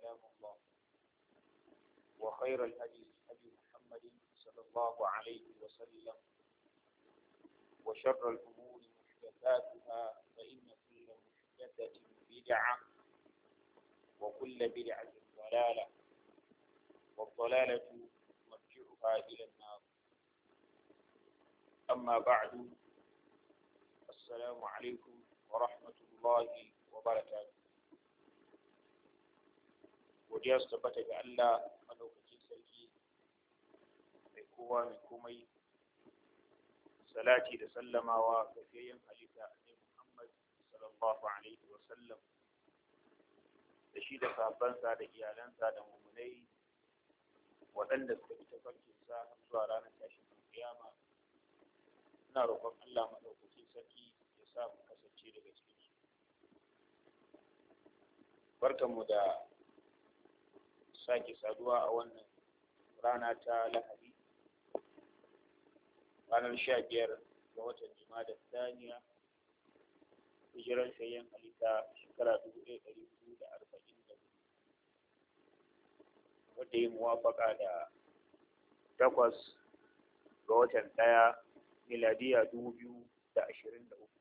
كلام الله وخير الهدي هدي محمد صلى الله عليه وسلم وشر الأمور محدثاتها فإن كل محدثة بدعة وكل بدعة ضلالة والضلالة مرجعها إلى النار أما بعد السلام عليكم ورحمة الله وبركاته godiya su tabbata ga Allah a lokacin sarki mai kowa mai komai salati da sallamawa ga fiyayyen halitta ne Muhammad sallallahu alaihi wa sallam da shi da sabansa da iyalansa da mummunai waɗanda suka bi tafarkinsa zuwa ranar tashin kiyama ina roƙon Allah maɗaukacin sarki ya sa mu kasance daga cikin barkanmu da sake saduwa a wannan rana ta lahadi ranar sha biyar ga watan da saniya hijiran shayyan halitta shekara dubu ɗaya ɗari biyu da arba'in da biyu wadda yi muwafaƙa da takwas ga watan ɗaya miladiya dubu biyu da ashirin da uku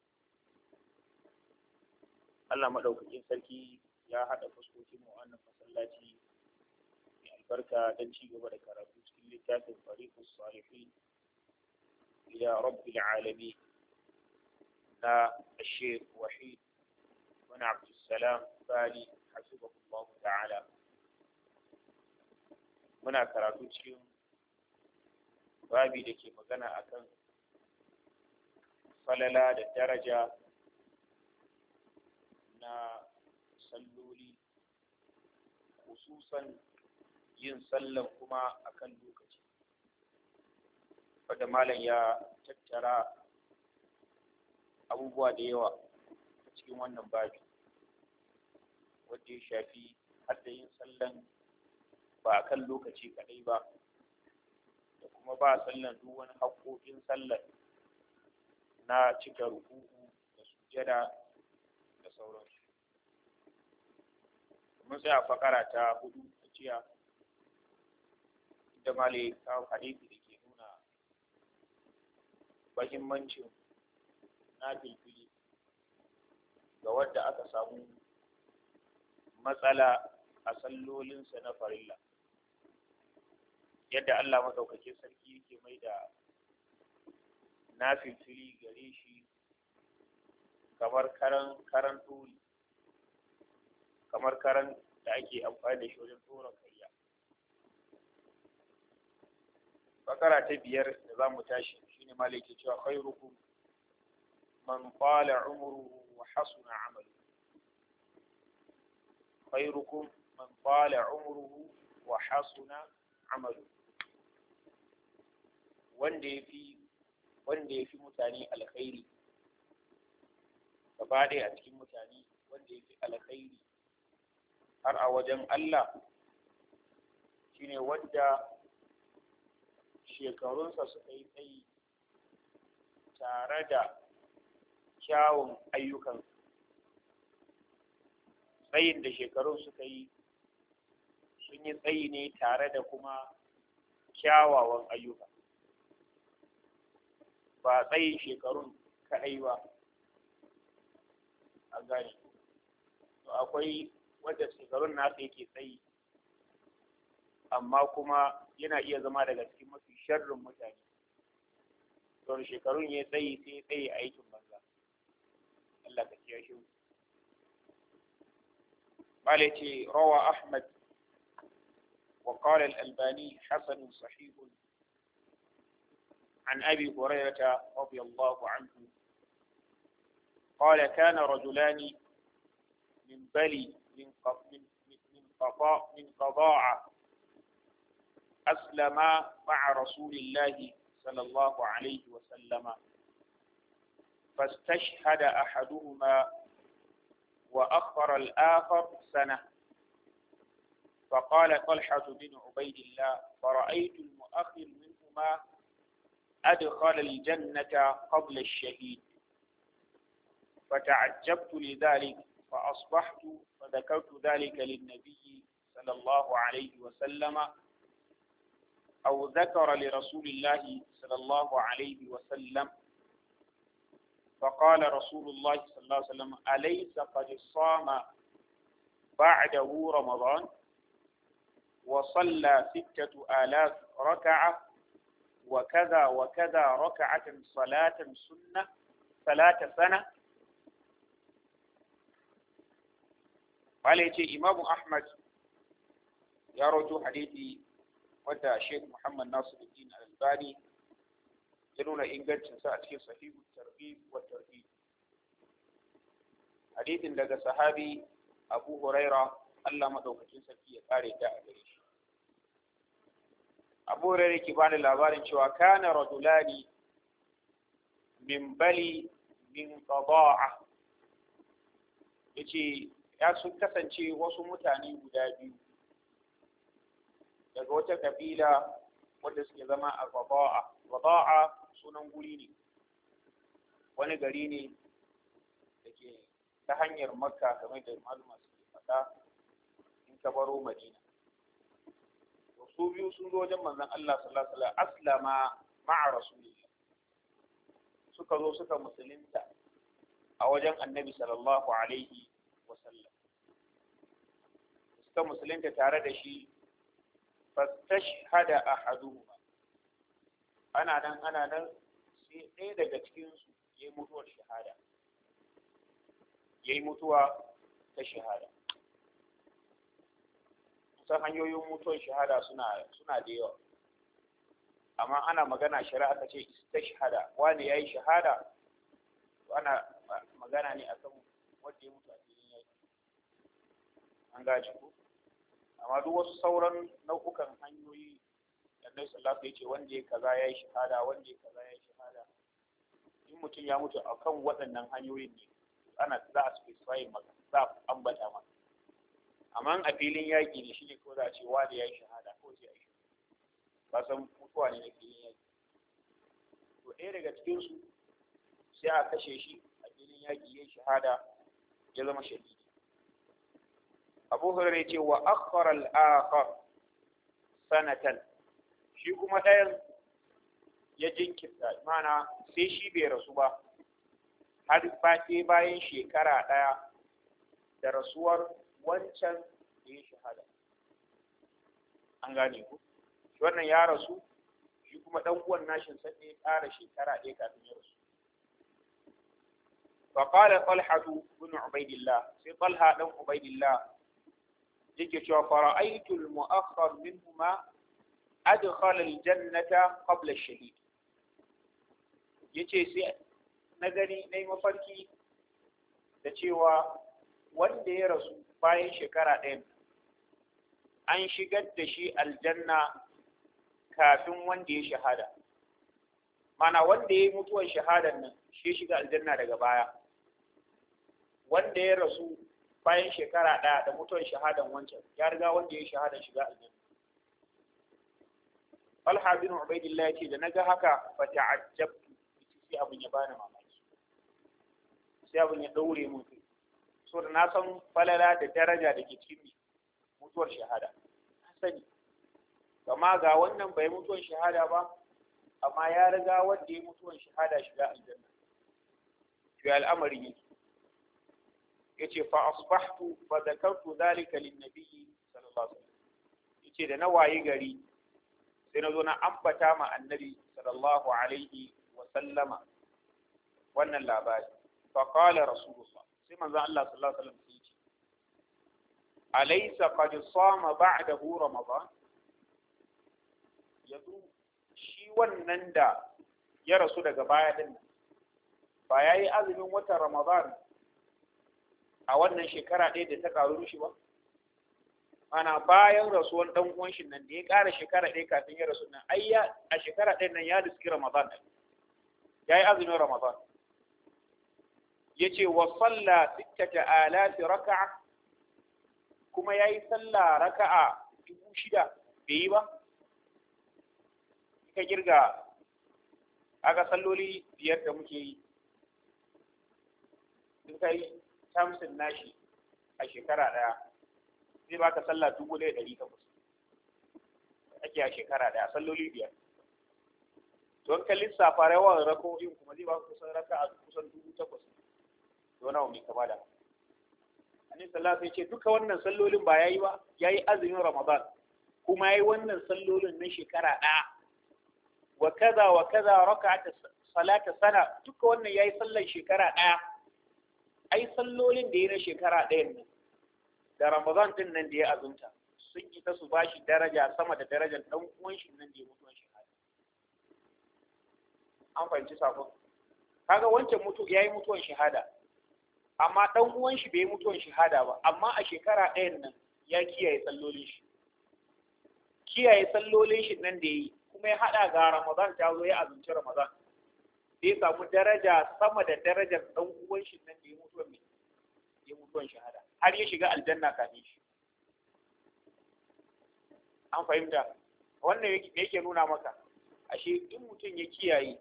Allah maɗaukakin sarki ya haɗa fuskokin mu wannan masallaci البركة دنشي قبل كرابوس كل طريق الصالحين إلى رب العالمين لا الشيخ وحيد وانا عبد السلام فالي حفظك الله تعالى وانا كرابوس كيوم وابي لكي مغنى أكن صللا للدرجة نا صلولي خصوصا yin sallan kuma akan lokaci wadda malam ya tattara abubuwa da yawa a cikin wannan babi wadda ya shafi hadda yin sallan ba a kan lokaci kadai ba da kuma ba sallan duk wani haƙoƙin sallan na cika rukuku da sujada da sauransu mun sai a fakara ta hudu a jiya inda malai kawo hadisi da ke nuna mahimmancin na filfili ga wadda aka samu matsala a sallolinsa na farilla yadda Allah madaukakin sarki yake mai da na filfili gare shi kamar karan karan kamar karan da ake amfani da shi wajen tura kai fakara ta biyar da za mu tashi shine malik ya cewa khairukum man qala umruhu wa hasuna amalu khairukum man qala umruhu wa hasuna amalu wanda yafi wanda yafi mutane alkhairi gaba ɗaya a cikin mutane wanda yafi alkhairi har a wajen Allah shine wanda shekarunsa suka yi tsayi tare da kyawun ayyukan tsayin da shekarun suka yi sun yi tsayi ne tare da kuma kyawawan ayyuka ba tsayin shekarun kaɗai ba a gani to akwai wadda shekarun nasa yake tsayi amma kuma yana iya zama daga cikin شر مجاجي دون شكرون يتأي تأي عيش مزا الله تكي عشو مالتي روى أحمد وقال الألباني حسن صحيح عن أبي هريرة رضي الله عنه قال كان رجلان من بلي من من قضاء من قضاء أسلم مع رسول الله صلى الله عليه وسلم فاستشهد أحدهما وأخر الآخر سنة فقال طلحة بن عبيد الله فرأيت المؤخر منهما أدخل الجنة قبل الشهيد فتعجبت لذلك فأصبحت فذكرت ذلك للنبي صلى الله عليه وسلم أو ذكر لرسول الله صلى الله عليه وسلم فقال رسول الله صلى الله عليه وسلم أليس قد صام بعده رمضان وصلى ستة آلاف ركعة وكذا وكذا ركعة صلاة سنة صلاة سنة قال إمام أحمد يا رجل حديثي wadda Sheikh Muhammad Nasiruddin Al-Albani ya nuna ingancin sa a cikin sahihu targhib wa hadithin daga sahabi Abu Huraira Allah madaukakin sarki ya kare ta a gare shi Abu Huraira ke bani labarin cewa kana rajulani min bali min qada'a yace ya sun kasance wasu mutane guda biyu daga wata kabila wanda suke zama a Baba'a Baba'a sunan guri ne wani gari ne da ke ta hanyar Makka kamar da maluma suke faɗa in ka baro Madina su biyu sun zo wajen manzon Allah sallallahu alaihi wasallam aslama ma'a rasulillah suka zo suka musulunta a wajen annabi sallallahu alaihi wasallam suka musulunta tare da shi fastashhada ahaduhuma ana nan ana nan sai ɗaya daga cikin su yayi mutuwar shahada yayi mutuwa ta shahada kusan hanyoyin mutuwar shahada suna suna da yawa amma ana magana shari'a ta ce istashhada wani yayi shahada ana magana ne akan wanda ya mutu a cikin yaki an gaji ku amma duk wasu sauran nau'ukan hanyoyi annabi sallallahu ya ce wanda ya kaza ya yi shahada wanda ya kaza ya yi shahada in mutum ya mutu akan waɗannan hanyoyin ne ana za a specify maka za a ambata ma amma a filin yaƙi ne shine ko za a ce wani yi shahada ko sai yi ba san mutuwa ne na filin yaƙi to ɗaya daga cikin su sai a kashe shi a filin yaƙi yi shahada ya zama shahidi abu hurairah ce wa akhara al-akhar sanatan shi kuma ɗayan ya jinkirta mana sai shi bai rasu ba har face bayan shekara ɗaya da rasuwar wancan da ya shahada an gane ku wannan ya rasu shi kuma ɗan uwan nashin sai ya ƙara shekara ɗaya kafin ya rasu فقال طلحة بن عبيد الله في طلحة بن عبيد الله yake cewa fara'aitul mu'akhkhar minhuma adkhala aljannata qabla ash-shahid yace sai na gani nayi mafarki da cewa wanda ya rasu bayan shekara ɗaya an shigar da shi aljanna kafin wanda ya shahada mana wanda ya yi mutuwar shahadar nan shi shiga aljanna daga baya wanda ya rasu bayan shekara ɗaya da mutuwar shahadan wancan ya riga wanda ya yi shahadan shiga aljanna Talha bin Ubaidillah ya ce da naga haka fa ta'ajjabtu sai abin ya bani mamaki sai abin ya daure mun kai so da na san falala da daraja da ke cikin mutuwar shahada na sani Gama ga wannan bai mutuwar shahada ba amma ya riga wanda ya mutuwar shahada shiga aljanna to al'amari yake yace fa asbahtu fa dhakartu dhalika lin-nabi sallallahu alaihi wasallam yace da na wayi gari sai na zo na ambata ma annabi sallallahu alaihi wa sallama wannan labari fa qala rasulullah sai manzon Allah sallallahu alaihi wasallam sai ce alaysa qad sama ba'dahu ramadan yanzu shi wannan da ya rasu daga baya din ba yayi azumin watan ramadan a wannan shekara ɗaya da ta ƙaru shi ba ana bayan rasuwan ɗan uwan shi nan da ya ƙara shekara ɗaya kafin ya rasu nan ai a shekara ɗaya nan ya riski ramadan ɗin ya yi azumin ramadan ya ce wa salla sittata alafi raka'a kuma ya yi salla raka'a dubu shida bai yi ba ka girga aka salloli biyar da muke yi tamsin nashi a shekara ɗaya zai baka sallah dubu ɗaya ɗari takwas ake a shekara ɗaya salloli biyar don ka lissafa yawan rako'in kuma zai baka kusan raka a kusan dubu takwas don nawa mai kama da annabi sallallahu ce duka wannan sallolin ba yayi ba yayi azumin ramadan kuma yayi wannan sallolin na shekara ɗaya wa kaza wa kaza raka'at salata sana duka wannan yayi sallar shekara ɗaya ai sallolin da ya na shekara ɗayan nan da ramadan din nan da ya azumta sun yi ta su bashi daraja sama da darajar ɗan uwan shi nan da ya a shekara an fahimci sakon kaga wancan mutu ya yi mutuwan shahada amma ɗan uwan shi bai yi mutuwan shahada ba amma a shekara ɗayan nan ya kiyaye sallolin shi kiyaye sallolin shi nan da ya yi kuma ya haɗa ga ramadan ta zo ya azumci ramadan bai samu daraja sama da darajar ɗan uwan shi nan da ya ya mutuwan shahada har ya shiga aljanna kafin shi an fahimta wannan yake nuna maka ashe in mutum ya kiyaye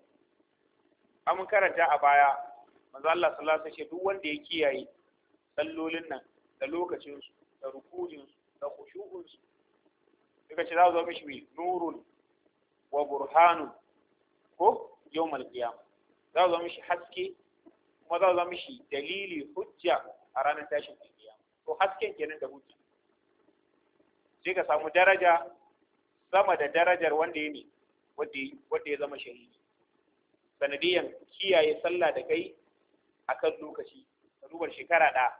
an karanta a baya manzo Allah sallallahu alaihi wasallam duk wanda ya kiyaye sallolin nan da lokacin su da rukujin su da khushu'un su daga ce za zo mishi nurun wa burhanu ko yawmal qiyamah za zo mishi haske kuma za zo mishi dalili hujja a ranar tashin kiyama to hasken kenan da hujja sai ka samu daraja sama da darajar wanda ya ne wanda ya zama shahidi sanadiyan kiyaye sallah da kai a kan lokaci ka duba shekara ɗaya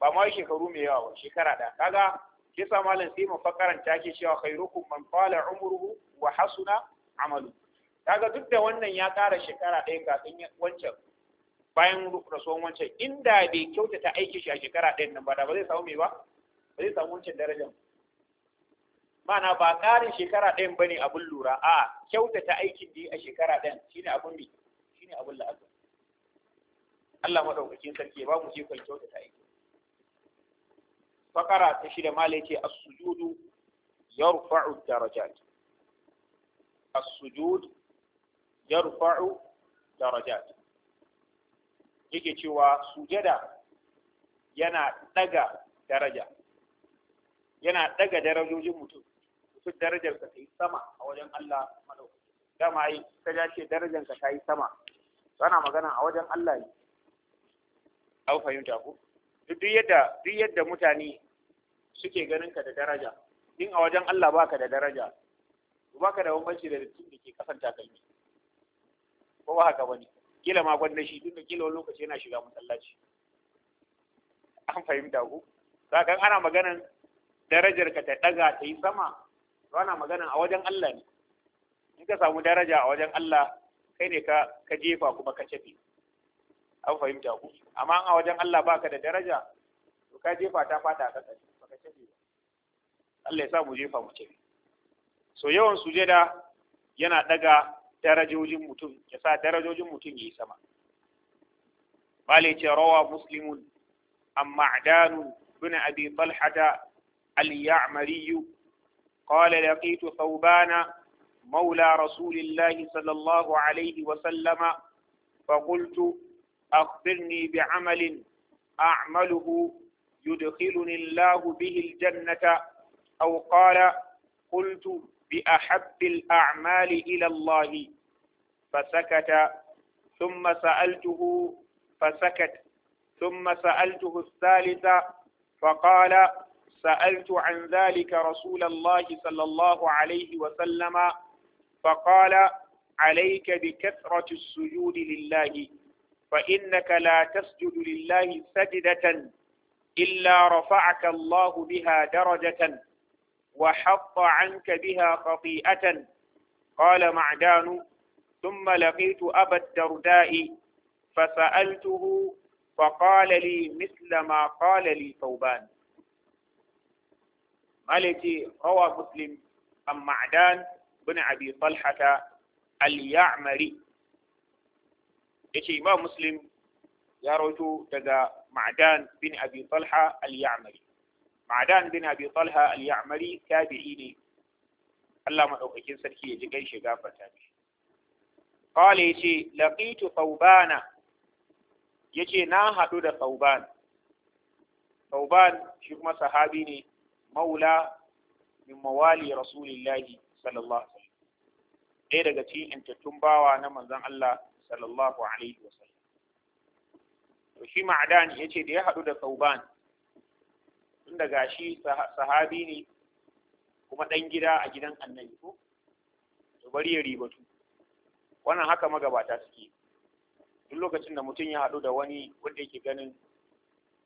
ba ma shekaru mai yawa ba shekara ɗaya kaga shi yasa malam sai mun fakaranta ke cewa khairukum man qala umruhu wa hasuna amalu kaga duk da wannan ya ƙara shekara ɗaya kafin wancan bayan rasuwan wancan inda bai kyautata aiki shi a shekara ɗayan nan ba da ba zai samu mai ba ba zai samu wancan darajar mana ba ƙarin shekara ɗayan ba ne abin lura a kyautata aikin da a shekara ɗayan shi ne abin bi shine abin la'akari Allah madaukakin sarki ba mu ikon kyautata aiki fakara ta shida malai ce as-sujudu yarfa'u darajat as-sujud yarfa'u darajat yake cewa sujada yana daga daraja yana daga darajojin mutum mutum darajar ka ta yi sama a wajen Allah madaukaki dama yi ka ja ce darajar ka ta yi sama ana magana a wajen Allah ne au fahimta ku duk yadda duk yadda mutane suke ganin ka da daraja in a wajen Allah baka da daraja baka da bambanci da dattin da ke kasan takalmi ko ba haka bane kila ma gwanda shi duk da kila wani lokaci yana shiga masallaci an fahimta ku sakan ana maganan darajar ka ta daga ta yi sama ana maganan a wajen Allah ne in ka samu daraja a wajen Allah kai ne ka ka jefa kuma ka cafe an fahimta ku amma a wajen Allah baka da daraja to ka jefa ta fata a kasa baka cafe ba Allah ya sa mu jefa mu cafe so yawan sujada yana daga darajojin mutum ya sa darajojin mutum yi sama malice rawa muslimun amma ma'dan bin abi talhata al-ya'mari قال لقيت ثوبان مولى رسول الله صلى الله عليه وسلم فقلت أخبرني a'maluhu yudkhiluni Allahu bihi al-jannata aw qala قلت بأحب الأعمال إلى الله فسكت ثم سألته فسكت ثم سألته الثالثة فقال سألت عن ذلك رسول الله صلى الله عليه وسلم فقال عليك بكثرة السجود لله فإنك لا تسجد لله سجدة إلا رفعك الله بها درجة وحط عنك بها خطيئة قال معدان ثم لقيت أبا الدرداء فسألته فقال لي مثل ما قال لي ثوبان مالتي روى مسلم أم معدان بن أبي طلحة اليعمري إيش إمام مسلم يا daga معدان بن أبي طلحة اليعمري ma'adan bin abi talha al-ya'mari tabi'i ne Allah madaukakin sarki ya ji gaishe gafarta mishi qala yace laqitu thawbana yace na hadu da thawban thawban shi kuma sahabi ne maula min mawali rasulillahi sallallahu alaihi wasallam ɗaya daga cikin intattun bawa na manzon Allah sallallahu alaihi wasallam to shi ma'adan yace da ya hadu da thawban tun da gashi sahabi ne kuma ɗan gida a gidan annabi ko to bari ya ribatu wannan haka magabata suke duk lokacin da mutum ya haɗu da wani wanda yake ganin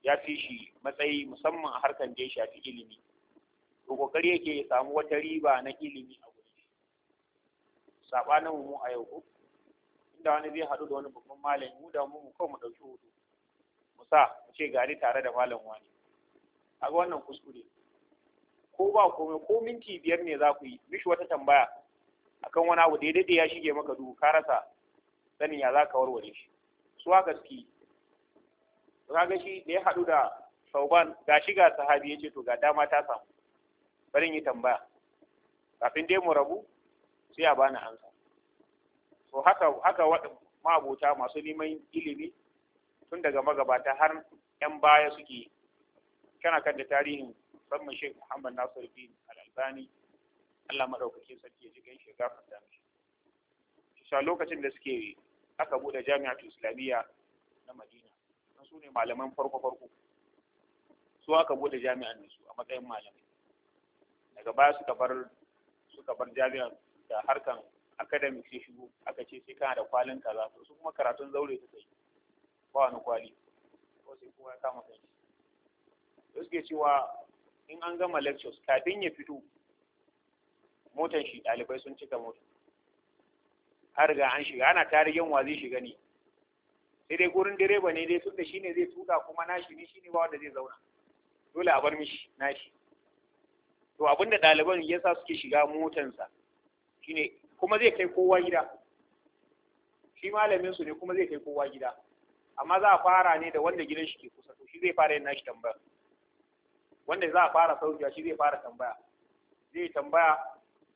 ya fi shi matsayi musamman a harkar da ya shafi ilimi to kokari yake ya samu wata riba na ilimi a gurin shi sabanin mu a yau ko inda wani zai haɗu da wani babban malami mu da mu kawai mu ɗauki hoto mu sa ce gari tare da malam wani a ga wannan kuskure ko ba komai ko minti biyar ne za ku yi mishi wata tambaya akan wani abu daidai da ya shige maka duhu ka rasa sanin ya za ka warware shi su haka suke kaga shi da ya haɗu da sauban ga shi ga sahabi ya ce to ga dama ta samu bari yi tambaya kafin dai mu rabu sai a bani ansa to haka haka ma'abota masu neman ilimi tun daga magabata har 'yan baya suke kana kan da tarihin musamman Sheikh Muhammad Nasir bin Al-Albani Allah madaukakin sarki ya ji gan gafarta mishi shi lokacin da suke aka bude jami'atu islamiyya na Madina sun sune malaman farko farko su aka bude jami'an ne su a matsayin malamai daga baya suka bar suka bar jami'an da harkan academic sai shigo aka ce sai kana da kwalin kaza su kuma karatun zaure suka yi ba wani kwali ko sai kowa ya kama kai suke cewa in an gama lectures kafin ya fito motan shi ɗalibai sun cika motan har ga an shiga ana tarihin wa zai shiga ne sai dai gurin direba ne dai tunda shine zai tuka kuma nashi ne shine ba wanda zai zauna dole a bar mishi nashi to abinda ɗaliban yasa suke shiga motansa shine kuma zai kai kowa gida shi malamin su ne kuma zai kai kowa gida amma za a fara ne da wanda gidan shi ke kusa to shi zai fara yin nashi tambayar wanda za a fara saukewa shi zai fara tambaya zai tambaya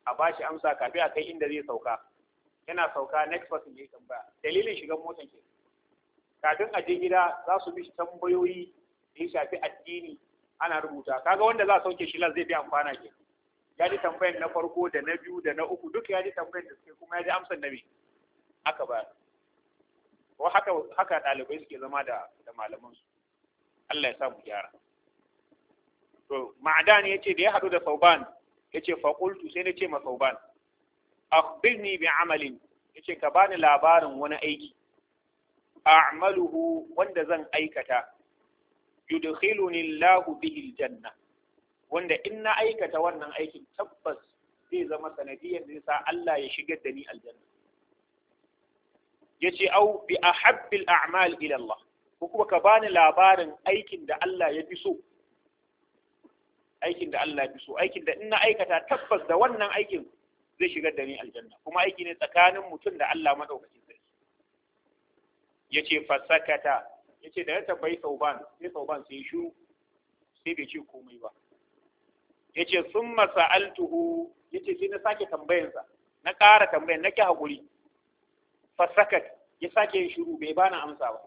a bashi amsa kafin a kai inda zai sauka yana sauka next person ya tambaya dalilin shigan motan ke kafin a je gida za su bi tambayoyi da ya shafi addini ana rubuta kaga wanda za a sauke shi zai bi amfana ke ya ji tambayan na farko da na biyu da na uku duk ya ji tambayan da suke kuma ya ji amsan na aka ba ko haka haka ɗalibai suke zama da da malaman su Allah ya sa mu gyara to ma'adan yace da ya hadu da sauban yace fa qultu sai nace ma sauban akhbirni bi amalin yace ka bani labarin wani aiki a'maluhu wanda zan aikata yudkhiluni Allahu bihi aljanna wanda in na aikata wannan aikin tabbas zai zama sanadiyar da sa Allah ya shigar da ni aljanna yace au bi ahabbil a'mal ila Allah ko kuma ka bani labarin aikin da Allah ya fi so aikin da Allah fi so aikin da in na aikata tabbas da wannan aikin zai shigar da ni aljanna kuma aiki ne tsakanin mutum da Allah madaukakin sarki yace fasakata yace da ya tabbai sauban sai sauban sai shu sai bai ce komai ba yace summa sa'altuhu yace sai na sake tambayansa na ƙara tambayan nake hakuri fasakat ya sake yin shiru bai bani amsa ba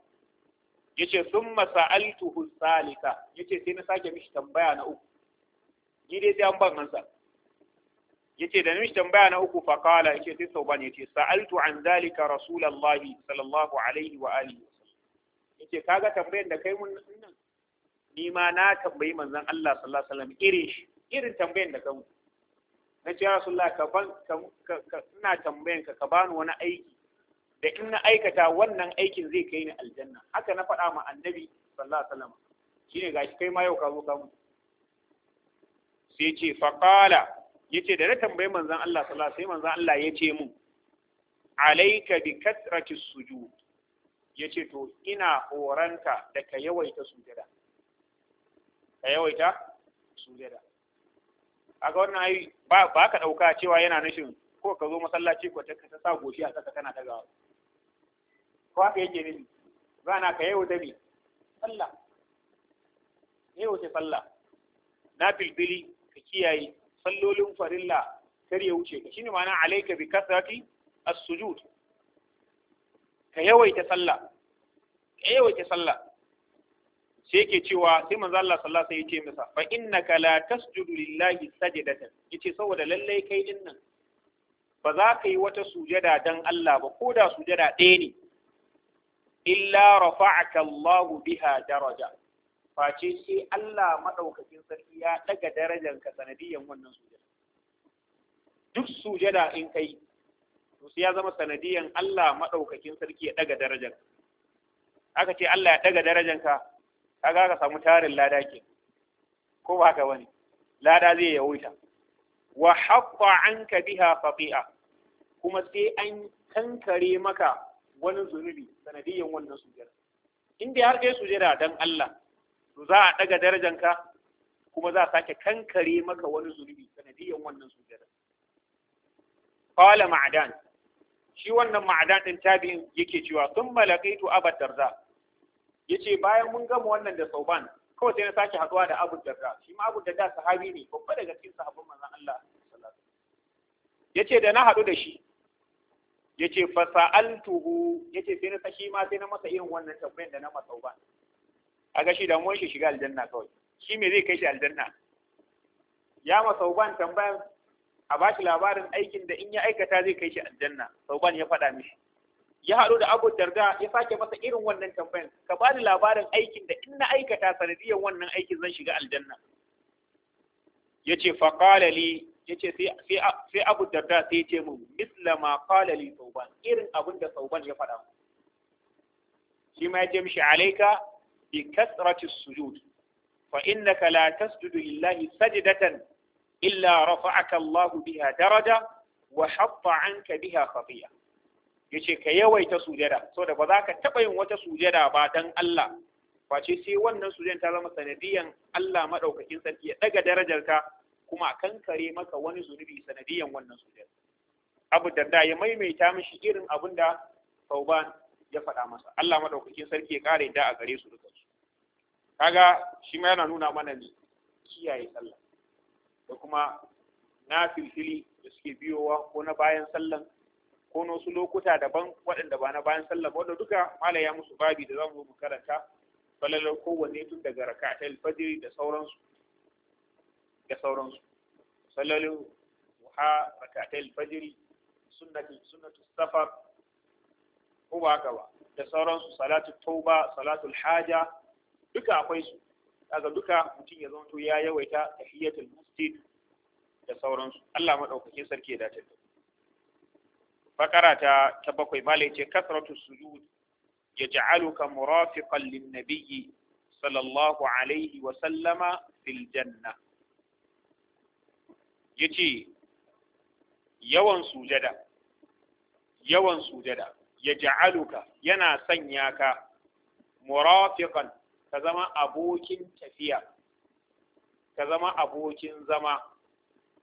yace summa sa'altuhu salika yace sai na sake mishi tambaya na uku ni dai sai an ban ansa yace da mishi tambaya na uku fa qala yace sai sauban yace sa'altu an zalika rasulullahi sallallahu alaihi wa alihi yace kaga tambayar da kai mun nan ni ma na tambayi manzon Allah sallallahu alaihi wasallam irin shi irin tambayar da kanku. na ce rasulullah ka ban ina tambayan ka ka bani wani aiki da in na aikata wannan aikin zai kai ni aljanna haka na faɗa ma annabi sallallahu alaihi wasallam shine gashi kai ma yau ka zo ka mutu sai ce ya ce da na tambayi manzon Allah sallallahu alaihi sai manzon Allah yace mun alaika bi ju. Ya ce to ina horanka da ka yawaita sujada ka yawaita sujada ga wannan ai ba ba ka ɗauka cewa yana nishin ko ka zo masallaci ko ta ta sa goshi a saka kana dagawa ko haka yake za rana ka yawaita me sallah yawaita sallah na filfili ka kiyaye sallolin farilla kar ya wuce ka shine ma'ana alayka bi kasrati as-sujud ka yawaita sallah ka yawaita sallah sai yake cewa sai manzo Allah sallallahu alaihi wasallam ya ce masa fa innaka la tasjudu lillahi sajdatan yace saboda lalle kai din nan ba za ka yi wata sujada dan Allah ba ko da sujada ɗaya ne illa rafa'aka Allahu biha daraja face sai Allah maɗaukakin sarki ya ɗaga darajar ka sanadiyan wannan sujada duk sujada in kai to sai ya zama sanadiyan Allah maɗaukakin sarki ya ɗaga darajar aka ce Allah ya ɗaga darajar ka kaga ka samu tarin lada ke ko ba haka bane lada zai yawaita wa haqqa anka biha Fafi'a kuma sai an kankare maka wani zunubi sanadiyan wannan sujada in dai har kai sujada dan Allah to za a daga darajanka kuma za a sake kankare maka wani zunubi sanadiyan wannan sujada qala ma'dan shi wannan ma'dan din tabi'in yake cewa sun malakaitu abad darda yace bayan mun gama wannan da sauban kawai sai na sake haduwa da abu darda shi ma abu darda sahabi ne babba daga cikin sahabban manzon Allah sallallahu yace da na hadu da shi yace fa sa'altuhu yace sai na sashi ma sai na masa irin wannan tambayar da na masa sauban kaga shi damuwar shi shiga aljanna kawai shi me zai kai shi aljanna ya ma sauban tambayan a ba shi labarin aikin da in ya aikata zai kai shi aljanna sauban ya faɗa mishi ya haɗu da abu darga ya sake masa irin wannan tambayan ka ba ni labarin aikin da in na aikata sanadiyar wannan aikin zan shiga aljanna ya ce faƙala li ya ce sai abu darda sai ya ce mu misla ma ƙala li sauban irin abin da sauban ya faɗa shi ma ya ce mishi alaika bi kasrati sujud fa innaka la tasjudu lillahi sajdatan illa rafa'aka Allah biha daraja wa hatta biha yace ka yawaita sujada saboda ba za ka taba yin wata sujada ba dan Allah face sai wannan sujan ta zama sanadiyan Allah madaukakin sarki ya daga darajarka kuma a kankare maka wani zunubi sanadiyan wannan sujan Abu Darda ya maimaita mishi irin abin da Tauban ya faɗa masa Allah madaukakin sarki ya kare da a gare su duka kaga shi ma yana nuna mana ne kiyaye sallah da kuma na filfili da suke biyowa ko na bayan sallan ko na wasu lokuta daban waɗanda ba na bayan sallan wanda duka malaya ya musu babi da zamu mu karanta falalar kowanne tun daga rakatel, fajr da sauransu da sauransu salalin duha rakatel, fajr sunnatu sunnatu safar ko ba ka ba da sauransu salatu tauba salatul haja duka akwai su kaga duka mutum ya zanto ya yawaita tahiyatul masjid da sauransu Allah madaukakin sarki ya dace da fakara ta ta bakwai malai ce kasratu sujud yaj'aluka murafiqan lin-nabiyyi sallallahu alaihi wa sallama fil janna yace yawan sujada yawan sujada yaj'aluka yana sanya ka murafiqan ka zama abokin tafiya ka zama abokin zama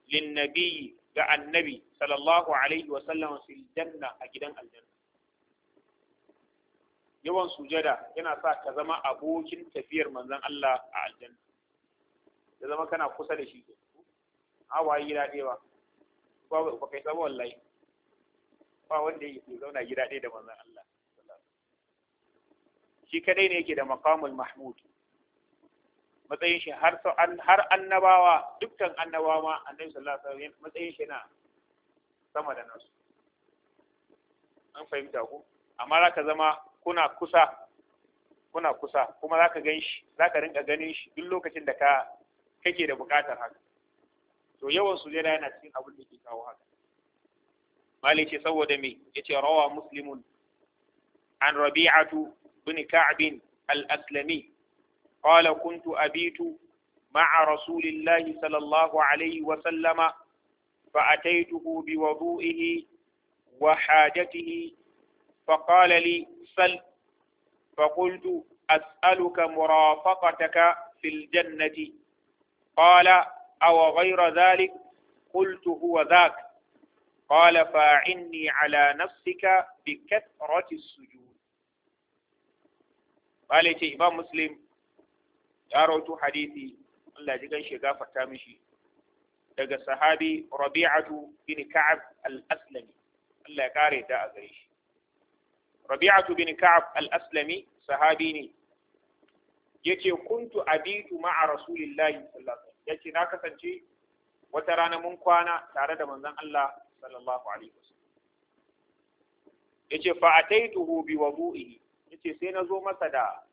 linnabi ga annabi sallallahu alaihi wa sallam fil janna a gidan aljanna yawan sujada yana sa ka zama abokin tafiyar manzon Allah a aljanna ya zama kana kusa da shi awa yi daɗe ba ba kai sabo wallahi ba wanda ya zauna gida ɗaya da manzon Allah shi kadai ne yake da maqamul mahmud matsayin shi har har annabawa dukkan annabawa ma annabi sallallahu alaihi wasallam matsayin shi na sama da nasu an fahimta ku amma za ka zama kuna kusa kuna kusa kuma za ka gan shi za ka rinka ganin shi duk lokacin da ka kake da bukatar haka to yawan su jira yana cikin abin da ke kawo haka Malik ce saboda me yace rawa muslimun an rabi'atu بن كعب الأسلمي قال كنت أبيت مع رسول الله صلى الله عليه وسلم فأتيته بوضوئه وحاجته فقال لي سل فقلت أسألك مرافقتك في الجنة قال أو غير ذلك قلت هو ذاك قال فاعني على نفسك بكثرة السجود bala ce imam muslim ya rawaito hadisi Allah ji gan shi gafarta mishi daga sahabi rabi'atu bin ka'ab al-aslami Allah ya kare da a gare shi rabi'atu bin ka'ab al-aslami sahabi ne yace kuntu abitu ma'a rasulillahi sallallahu alaihi wasallam yace na kasance wata rana mun kwana tare da manzon Allah sallallahu alaihi wasallam yace fa ataituhu bi wudu'ihi yace sai na zo masa da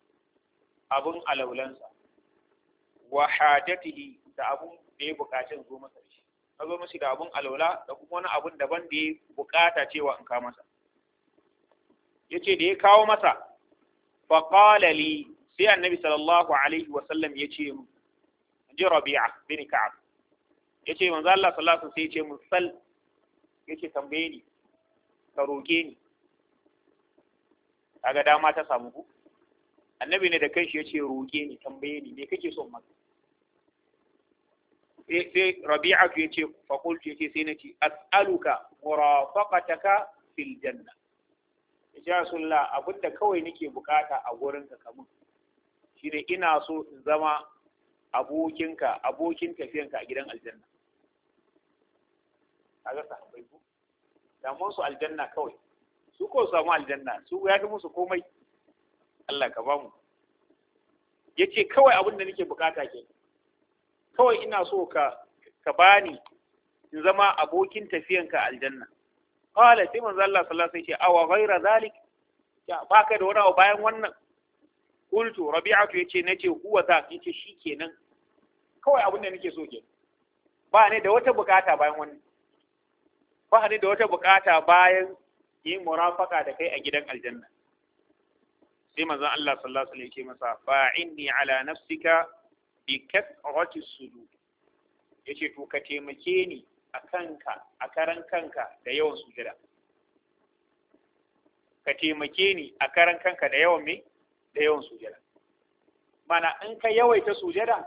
abun alaulansa wa hajatihi da abun da ya bukaci zo masa da shi na zo mashi da abun alaula da kuma wani abun daban da ya bukata cewa in kawo masa yace da ya kawo masa fa qala li sai annabi sallallahu alaihi wa sallam yace mu ji rabi'a bin ka'ab yace manzo Allah sallallahu alaihi wa sallam sai yace min sal yace tambaye ni ka roke ni kaga dama ta samu ku annabi ne da kanshi yace roƙe ni tambaye ni me kake son maka sai sai rabi'a yace fa qultu yace sai nace as'aluka murafaqataka fil janna ya rasulullah abinda kawai nake bukata a gurin ka kamun shine ina so in zama abokinka abokin tafiyanka a gidan aljanna kaga sahabbai ku damuwar su aljanna kawai su ko samu aljanna su ya fi musu komai Allah ka bamu yace kawai abin da nake bukata ke kawai ina so ka ka bani in zama abokin ka aljanna qala sai manzo Allah sallallahu alaihi wasallam yace awa ghaira zalik ya baka da wani abu bayan wannan qultu rabi'atu yace nace huwa za yace shikenan kawai abin da nake so ke ba ne da wata bukata bayan wannan ba ne da wata bukata bayan yi murafaka da kai a gidan aljanna sai manzon Allah sallallahu alaihi wasallam masa fa'inni ala nafsika bi kathrati sujud yace to ka taimake ni a kanka a karan kanka da yawan sujada ka taimake ni a karan kanka da yawan me da yawan sujada mana in ka yawaita sujada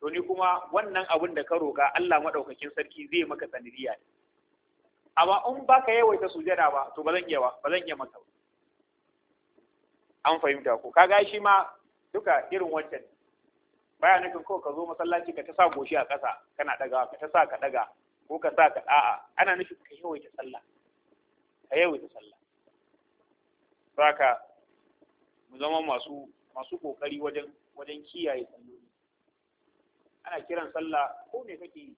to ni kuma wannan abin da ka roka Allah madaukakin sarki zai maka sanadiya ne amma in ba ka yawaita sujada ba to ba zan iya ba zan iya maka an fahimta ko kaga shi ma duka irin wancan baya nufin ko ka zo masallaci ka ta sa goshi a ƙasa kana ɗaga ka ta sa ka ɗaga ko ka sa ka ɗa'a ana nufin ka yawaita sallah ka yawaita sallah saka mu zama masu masu kokari wajen wajen kiyaye salloli ana kiran sallah ko ne kake yi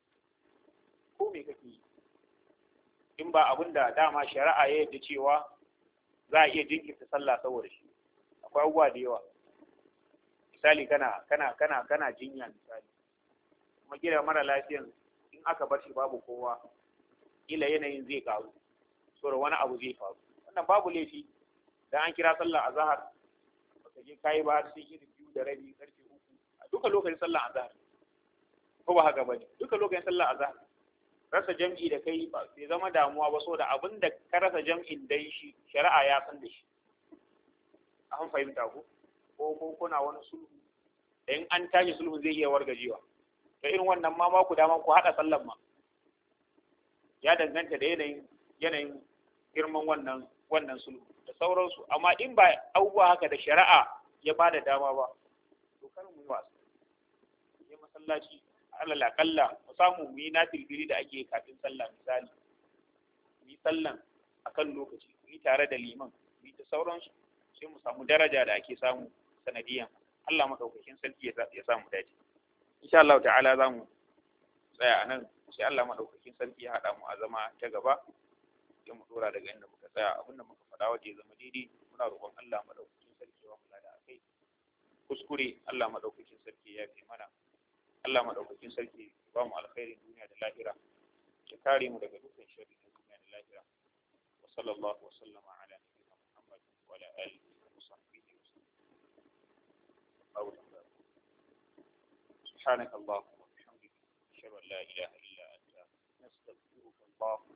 ba abin da dama shari'a ya yadda cewa za a iya jinkirta sallah saboda shi akwai abubuwa da yawa misali kana kana kana kana jinya misali kuma gida mara lafiyan in aka bar shi babu kowa ila yanayin zai karu saboda wani abu zai faru wannan babu laifi dan an kira sallah azhar baka je kai ba sai irin biyu da rabi karfe uku a duka lokacin sallah azhar ko ba haka bane duka lokacin sallah azhar rasa jam'i da kai ba sai zama damuwa ba so da abin da ka rasa jam'in dai shi shari'a ya san da shi an fahimta ku ko ko kuna wani sulhu da in an tashi sulhu zai iya wargajewa to irin wannan ma ku dama ku haɗa sallan ma ya danganta da yanayin yanayin girman wannan wannan sulhu da sauransu amma in ba abubuwa haka da shari'a ya ba da dama ba to kar mu yi wasa sai masallaci alal akalla mu samu mu yi nafilfili da ake kafin sallah misali mu yi sallan akan lokaci mu yi tare da liman mu yi ta sauransu sai mu samu daraja da ake samu sanadiyan Allah madaukakin sarki ya samu dace insha Allah ta'ala za mu tsaya a nan sai Allah madaukakin sarki ya haɗa mu a zama ta gaba sai mu dora daga inda muka tsaya abin da muka faɗa waje zama daidai muna roƙon Allah madaukakin sarki ya mu da akai kuskure Allah madaukakin sarki ya fi mana Allah madaukakin sarki ba mu alkhairin duniya da lahira ya kare mu daga dukkan sharri na duniya da lahira wa sallallahu wa sallama ala nabiyyina Muhammad wa ala alihi wa sahbihi wa sallam سبحانك اللهم وبحمدك أشهد أن لا إله إلا أنت نستغفرك اللهم